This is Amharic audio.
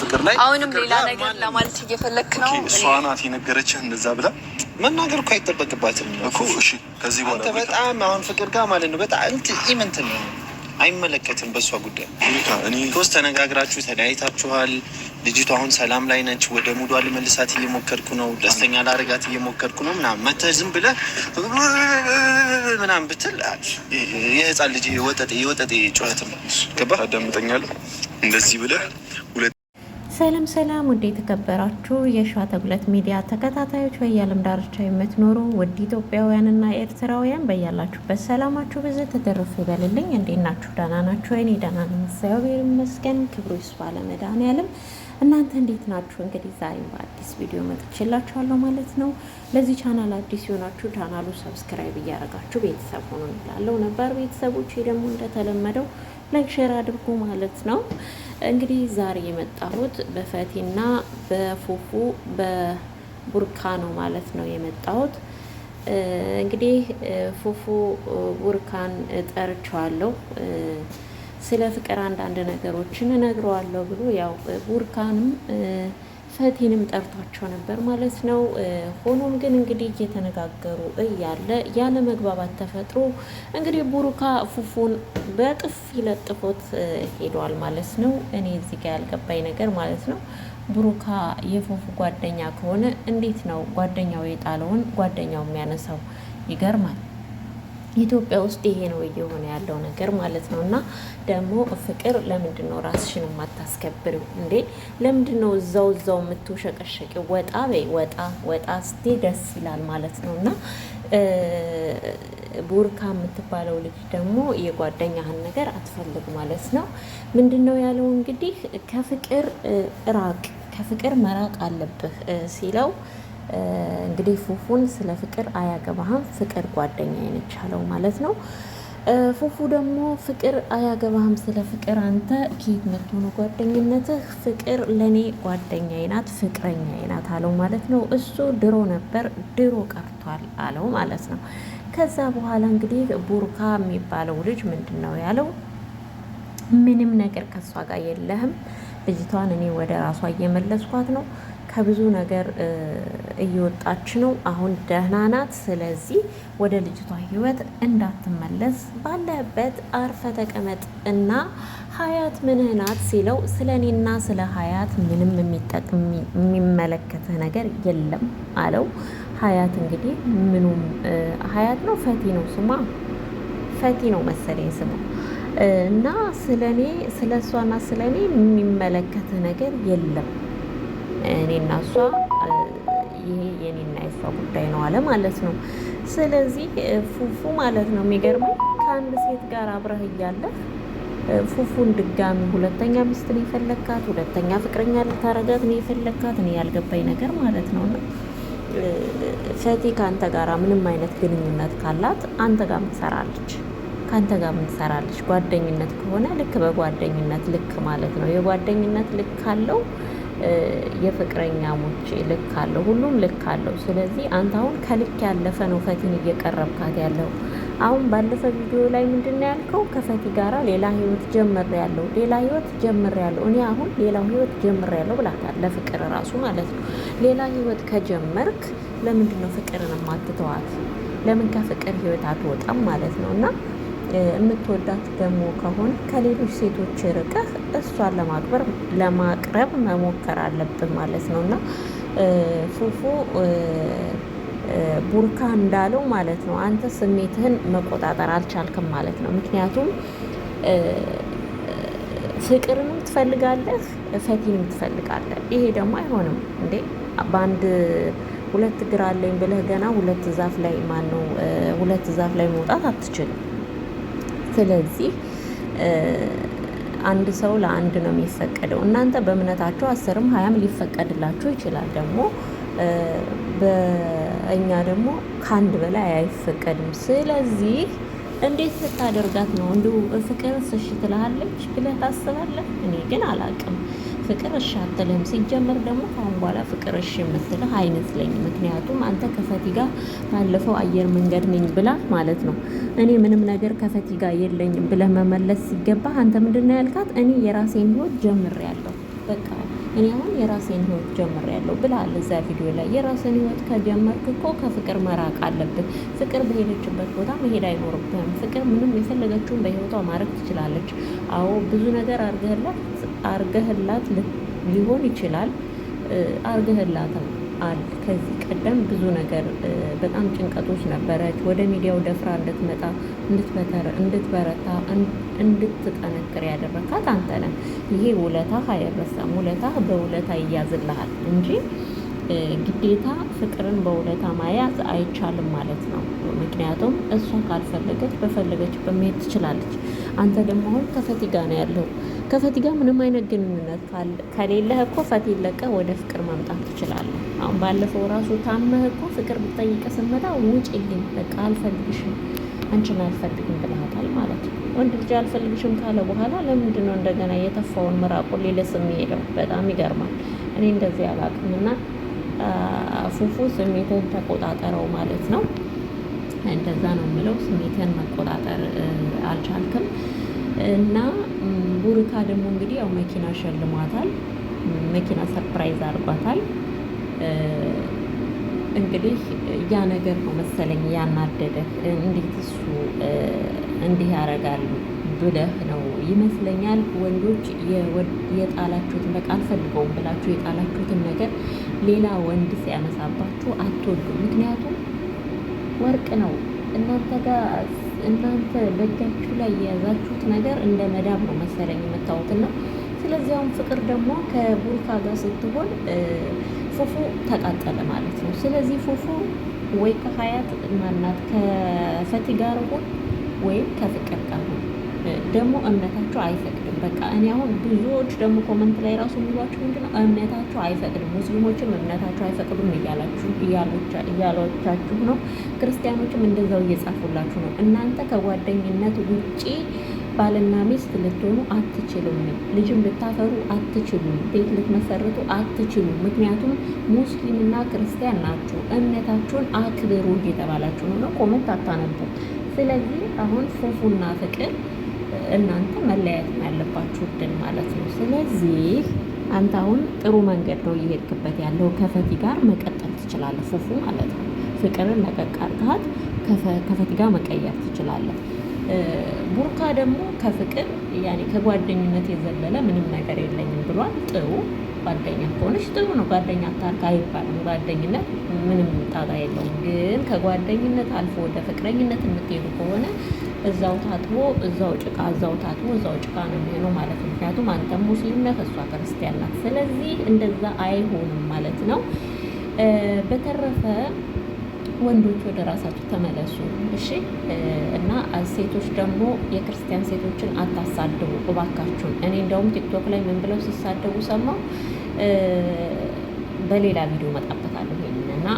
ፍቅር ላይ አሁንም ሌላ ነገር ለማለት እየፈለክ ነው። እሷ ናት የነገረችህ እንደዛ ብላ መናገር እኮ አይጠበቅባትም እኮ። እሺ ከዚህ በኋላ በጣም አሁን ፍቅር ጋር ማለት ነው በጣም እንትን ነው አይመለከትም። በእሷ ጉዳይ ሶስት ተነጋግራችሁ ተለያይታችኋል። ልጅቷ አሁን ሰላም ላይ ነች። ወደ ሙዷ ልመልሳት እየሞከርኩ ነው፣ ደስተኛ ላረጋት እየሞከርኩ ነው ምናምን መተህ ዝም ብለህ ምናምን ብትል የህፃን ልጅ የወጠጤ የወጠጤ ጩኸትም ገባህ። ታዳምጠኛለህ እንደዚህ ብለህ ሰላም ሰላም ውድ የተከበራችሁ የሸዋ ተጉለት ሚዲያ ተከታታዮች በየዓለም ዳርቻ የምትኖሩ ውድ ኢትዮጵያውያንና ኤርትራውያን በያላችሁበት ሰላማችሁ ብዙ ተደርፎ ይበልልኝ። እንዴት ናችሁ? ደህና ናችሁ? እኔ ደህና ነኝ፣ እግዚአብሔር ይመስገን። ክብሩ ይስፋ ለመድኃኔዓለም። እናንተ እንዴት ናችሁ? እንግዲህ ዛሬ በአዲስ ቪዲዮ መጥቼላችኋለሁ ማለት ነው። ለዚህ ቻናል አዲስ የሆናችሁ ቻናሉ ሰብስክራይብ እያደረጋችሁ ቤተሰብ ሆኑ እንላለሁ። ነባር ቤተሰቦች ደግሞ እንደተለመደው ላይክ ሼር አድርጉ ማለት ነው። እንግዲህ ዛሬ የመጣሁት በፈቲና በፉፉ በቡርካ ነው ማለት ነው የመጣሁት። እንግዲህ ፉፉ ቡርካን ጠርቸዋለሁ። ስለ ፍቅር አንዳንድ ነገሮችን እነግረዋለሁ ብሎ ያው ቡርካንም ፈቲንም ጠርቷቸው ነበር ማለት ነው። ሆኖም ግን እንግዲህ እየተነጋገሩ እያለ ያለ መግባባት ተፈጥሮ እንግዲህ ቡሩካ ፉፉን በጥፊ ለጥፎት ሄዷል ማለት ነው። እኔ እዚህ ጋር ያልገባኝ ነገር ማለት ነው ቡሩካ የፉፉ ጓደኛ ከሆነ እንዴት ነው ጓደኛው የጣለውን ጓደኛው የሚያነሳው? ይገርማል። ኢትዮጵያ ውስጥ ይሄ ነው እየሆነ ያለው ነገር ማለት ነው። እና ደግሞ ፍቅር ለምንድን ነው ራስሽን የማታስከብር እንዴ? ለምንድን ነው እዛው እዛው የምትሸቀሸቂው? ወጣ በይ ወጣ ወጣ ስቴ ደስ ይላል ማለት ነው እና ቡርካ የምትባለው ልጅ ደግሞ የጓደኛህን ነገር አትፈልግ ማለት ነው። ምንድን ነው ያለው እንግዲህ ከፍቅር ራቅ፣ ከፍቅር መራቅ አለብህ ሲለው እንግዲህ ፉፉን ስለ ፍቅር አያገባህም ፍቅር ጓደኛ ነች ማለት ነው። ፉፉ ደግሞ ፍቅር አያገባህም ስለ ፍቅር አንተ ኬት መጥቶ ጓደኝነትህ? ፍቅር ለእኔ ጓደኛ ናት ፍቅረኛ ናት አለው ማለት ነው። እሱ ድሮ ነበር ድሮ ቀርቷል አለው ማለት ነው። ከዛ በኋላ እንግዲህ ቡርካ የሚባለው ልጅ ምንድን ነው ያለው? ምንም ነገር ከሷ ጋር የለህም ልጅቷን እኔ ወደ ራሷ እየመለስኳት ነው ከብዙ ነገር እየወጣች ነው። አሁን ደህና ናት። ስለዚህ ወደ ልጅቷ ህይወት እንዳትመለስ ባለበት አርፈ ተቀመጥ እና ሀያት ምንህ ናት ሲለው ስለ እኔና ስለ ሀያት ምንም የሚመለከትህ ነገር የለም አለው። ሀያት እንግዲህ ምኑም ሀያት ነው ፈቲ ነው ስማ ፈቲ ነው መሰለኝ ስሙ እና ስለ እኔ ስለ እሷና ስለ እኔ የሚመለከትህ ነገር የለም እኔና እሷ ይሄ የኔና የሷ ጉዳይ ነው አለ ማለት ነው። ስለዚህ ፉፉ ማለት ነው የሚገርመው ከአንድ ሴት ጋር አብረህ እያለህ ፉፉን ድጋሚ ሁለተኛ ሚስት ነው የፈለግካት፣ ሁለተኛ ፍቅረኛ ልታረጋት ነው የፈለግካት። እኔ ያልገባኝ ነገር ማለት ነው እና ፈቴ ከአንተ ጋር ምንም አይነት ግንኙነት ካላት አንተ ጋር ምትሰራለች ከአንተ ጋር ምትሰራለች። ጓደኝነት ከሆነ ልክ በጓደኝነት ልክ ማለት ነው የጓደኝነት ልክ ካለው የፍቅረኛሞች ልክ አለው፣ ሁሉም ልክ አለው። ስለዚህ አንተ አሁን ከልክ ያለፈ ነው ፈቲን እየቀረብካት ያለው። አሁን ባለፈ ቪዲዮ ላይ ምንድን ነው ያልከው? ከፈቲ ጋራ ሌላ ህይወት ጀምር ያለው ሌላ ህይወት ጀምር ያለው እኔ አሁን ሌላው ህይወት ጀምር ያለው ብላታል። ለፍቅር ራሱ ማለት ነው። ሌላ ህይወት ከጀመርክ ለምንድን ነው ፍቅርን ማትተዋት? ለምን ከፍቅር ህይወት አትወጣም ማለት ነው እና የምትወዳት ደግሞ ከሆነ ከሌሎች ሴቶች ርቀህ እሷን ለማክበር ለማቅረብ መሞከር አለብን ማለት ነው እና ፉፉ ቡርካ እንዳለው ማለት ነው አንተ ስሜትህን መቆጣጠር አልቻልክም ማለት ነው። ምክንያቱም ፍቅርንም ትፈልጋለህ፣ ፈቲንም ትፈልጋለህ። ይሄ ደግሞ አይሆንም እንዴ በአንድ ሁለት እግር አለኝ ብለህ ገና ሁለት ዛፍ ላይ ማነው ሁለት ዛፍ ላይ መውጣት አትችልም። ስለዚህ አንድ ሰው ለአንድ ነው የሚፈቀደው። እናንተ በእምነታችሁ አስርም ሀያም ሊፈቀድላችሁ ይችላል። ደግሞ በእኛ ደግሞ ከአንድ በላይ አይፈቀድም። ስለዚህ እንዴት ስታደርጋት ነው እንዲሁ ፍቅር ስሽ ትልሃለች ብለህ ታስባለህ? እኔ ግን አላቅም። ፍቅር እሺ አትልህም። ሲጀመር ደግሞ ከአሁን በኋላ ፍቅር እሺ የምትልህ አይመስለኝም። ምክንያቱም አንተ ከፈቲ ጋር ባለፈው አየር መንገድ ነኝ ብላ ማለት ነው እኔ ምንም ነገር ከፈቲ ጋር የለኝም ብለህ መመለስ ሲገባ አንተ ምንድን ነው ያልካት? እኔ የራሴን ህይወት ጀምሬያለሁ በቃ እኔ አሁን የራሴን ህይወት ጀምሬያለሁ ብለሃል እዛ ቪዲዮ ላይ። የራስን ህይወት ከጀመርክ እኮ ከፍቅር መራቅ አለብህ። ፍቅር በሄደችበት ቦታ መሄድ አይኖርብህም። ፍቅር ምንም የፈለገችውን በህይወቷ ማድረግ ትችላለች። አዎ ብዙ ነገር አድርገህላት አርገህላት ሊሆን ይችላል። አርገህላት አል ከዚህ ቀደም ብዙ ነገር በጣም ጭንቀቶች ነበረች። ወደ ሚዲያው ደፍራ እንድትመጣ እንድትበረታ፣ እንድትጠነክር ያደረካት አንተ ነህ። ይሄ ውለታህ አይረሳም። ውለታህ በውለታ ይያዝልሃል እንጂ ግዴታ ፍቅርን በውለታ ማያዝ አይቻልም ማለት ነው። ምክንያቱም እሷ ካልፈለገች በፈለገች በመሄድ ትችላለች። አንተ ደግሞ አሁን ከፈቲ ነው ያለው ከፈቲ ጋር ምንም አይነት ግንኙነት ከሌለህ እኮ ፈቲ ለቀ ወደ ፍቅር መምጣት ትችላለህ። አሁን ባለፈው ራሱ ታመህ እኮ ፍቅር ብጠይቀ ስመጣ ውጭልኝ፣ በቃ አልፈልግሽም፣ አንቺን አልፈልግም ብልሃታል ማለት ነው። ወንድ ልጅ አልፈልግሽም ካለ በኋላ ለምንድን ነው እንደገና የተፋውን ምራቁን ስም ሄደው በጣም ይገርማል። እኔ እንደዚህ አላውቅም። እና ፉፉ ስሜትን ተቆጣጠረው ማለት ነው። እንደዛ ነው የምለው። ስሜትን መቆጣጠር አልቻልክም እና ቡርካ ደግሞ እንግዲህ ያው መኪና ሸልሟታል። መኪና ሰርፕራይዝ አድርጓታል። እንግዲህ ያ ነገር ነው መሰለኝ ያናደደ። እንዴት እሱ እንዲህ ያደርጋል ብለህ ነው ይመስለኛል። ወንዶች የጣላችሁትን በቃ አልፈልገውም ብላችሁ የጣላችሁትን ነገር ሌላ ወንድ ሲያነሳባችሁ አትወዱ። ምክንያቱም ወርቅ ነው እናንተ ጋር እናንተ በእጃችሁ ላይ የያዛችሁት ነገር እንደ መዳብ ነው መሰለኝ የምታዩትና ስለዚያውም ፍቅር ደግሞ ከቡርካ ጋር ስትሆን ፉፉ ተቃጠለ ማለት ነው። ስለዚህ ፉፉ ወይ ከሀያት ማናት ከፈቲ ጋር ሁን ወይም ከፍቅር ጋር ሁን ደግሞ እምነታቸው አይፈቅድም። በቃ እኔ አሁን ብዙዎች ደግሞ ኮመንት ላይ ራሱ የሚሏችሁ ምንድን ነው አይፈቅድም፣ ሙስሊሞችም እምነታቸው አይፈቅዱም እያላችሁ እያሏቻችሁ ነው። ክርስቲያኖችም እንደዛው እየጻፉላችሁ ነው። እናንተ ከጓደኝነት ውጪ ባልና ሚስት ልትሆኑ አትችሉም። ልጅም ልታፈሩ አትችሉም። ቤት ልትመሰርቱ አትችሉም። ምክንያቱም ሙስሊምና ክርስቲያን ናችሁ። እምነታችሁን አክብሩ እየተባላችሁ ነው። ኮመንት አታነቡ። ስለዚህ አሁን ፉፉና ፍቅር እናንተ መለያየት ያለባችሁ ውድን ማለት ነው። ስለዚህ አንተ አሁን ጥሩ መንገድ ነው እየሄድክበት ያለው። ከፈቲ ጋር መቀጠል ትችላለህ፣ ፉፉ ማለት ነው። ፍቅርን ለቀቅ አድርገሃት ከፈቲ ጋር መቀየር ትችላለህ። ቡርካ ደግሞ ከፍቅር ያኔ ከጓደኝነት የዘለለ ምንም ነገር የለኝም ብሏል። ጥሩ ጓደኛ ከሆነች ጥሩ ነው። ጓደኛ አታርግ አይባልም። ጓደኝነት ምንም ጣጣ የለውም። ግን ከጓደኝነት አልፎ ወደ ፍቅረኝነት የምትሄዱ ከሆነ እዛው ታጥቦ እዛው ጭቃ እዛው ታጥቦ እዛው ጭቃ ነው የሚሆነው ማለት ነው። ምክንያቱም አንተም ሙስሊም ነህ፣ እሷ ክርስቲያን ናት። ስለዚህ እንደዛ አይሆንም ማለት ነው። በተረፈ ወንዶች ወደ ራሳቸው ተመለሱ እሺ። እና ሴቶች ደግሞ የክርስቲያን ሴቶችን አታሳድቡ እባካችሁን። እኔ እንደውም ቲክቶክ ላይ ምን ብለው ሲሳደቡ ሰማሁ። በሌላ ቪዲዮ መጣበታለሁ እና